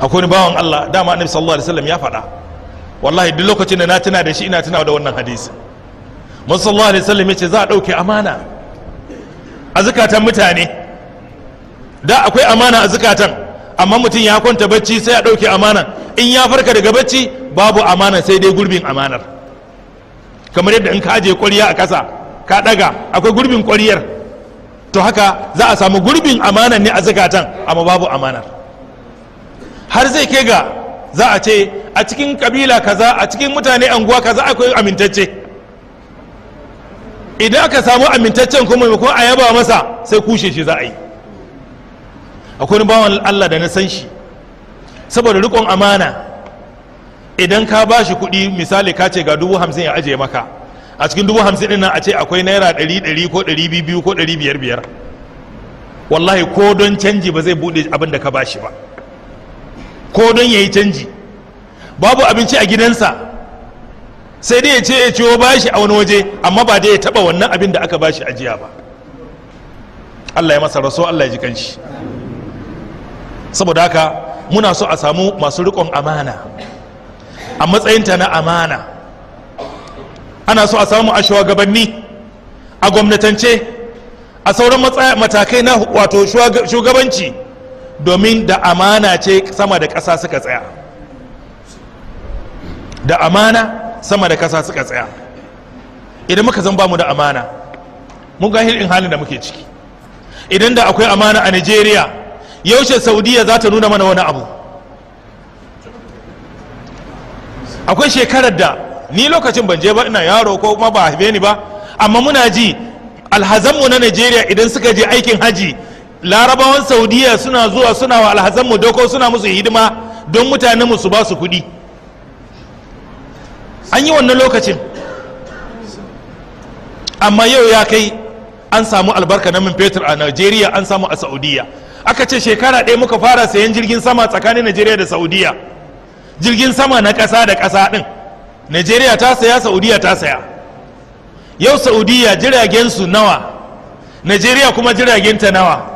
akwai wani bawan Allah dama annabi sallallahu alaihi wasallam ya faɗa wallahi duk lokacin da na tuna da shi ina tuna da wannan hadisi mun sallallahu alaihi wasallam yace za a dauke amana a mutane da akwai amana a amma mutum ya kwanta bacci sai a dauke amana in ya farka daga bacci babu amana sai dai gurbin amanar kamar yadda in ka aje kwariya a kasa ka daga akwai gurbin kwariyar to haka za a samu gurbin amanar ne a zukatan amma babu amanar har zai ke ga za a ce a cikin kabila kaza a cikin mutane anguwa kaza akwai amintacce idan aka samu amintaccen kuma maimakon a yaba masa sai kushe shi za a yi akwai bawan allah da na san shi saboda rikon amana idan ka ba shi kuɗi misali ka ce ga dubu hamsin ya ajiye maka a cikin dubu hamsin ɗin nan a ce akwai naira ɗari ɗari ko ɗari biyu ko ɗari biyar biyar wallahi ko don canji ba zai buɗe abin da ka ba shi ba ko don ya yi canji babu abinci a gidansa sai dai ya ce ya ciwo bashi a wani waje amma ba dai ya taba wannan abin da aka ba shi ajiya ba Allah ya masa raso Allah ya ji kanshi saboda haka muna so a samu masu riƙon amana a matsayinta na amana ana so a samu a shugabanni a gwamnatance a sauran matakai na wato shugabanci domin da amana ce sama da ƙasa suka tsaya da amana sama da ƙasa suka tsaya idan muka zan bamu da amana mun ga hirin halin da muke ciki idan da akwai amana a nigeria yaushe saudiya za ta nuna mana wani abu akwai shekarar da ni lokacin ban je ba ina yaro ko kuma ba haife ni ba amma muna ji alhazanmu na nigeria idan suka je aikin haji larabawan saudiya suna zuwa suna wa alhazan mu doko suna musu hidima don mutanen su ba su kuɗi an yi wannan lokacin amma yau ya kai an samu albarka na min fetur a najeriya an samu a saudiya aka ce shekara ɗaya muka fara sayan jirgin sama tsakanin najeriya da saudiya jirgin sama na ƙasa da ƙasa ɗin najeriya ta saya saudiya ta saya yau saudiya jiragen su nawa najeriya kuma ta nawa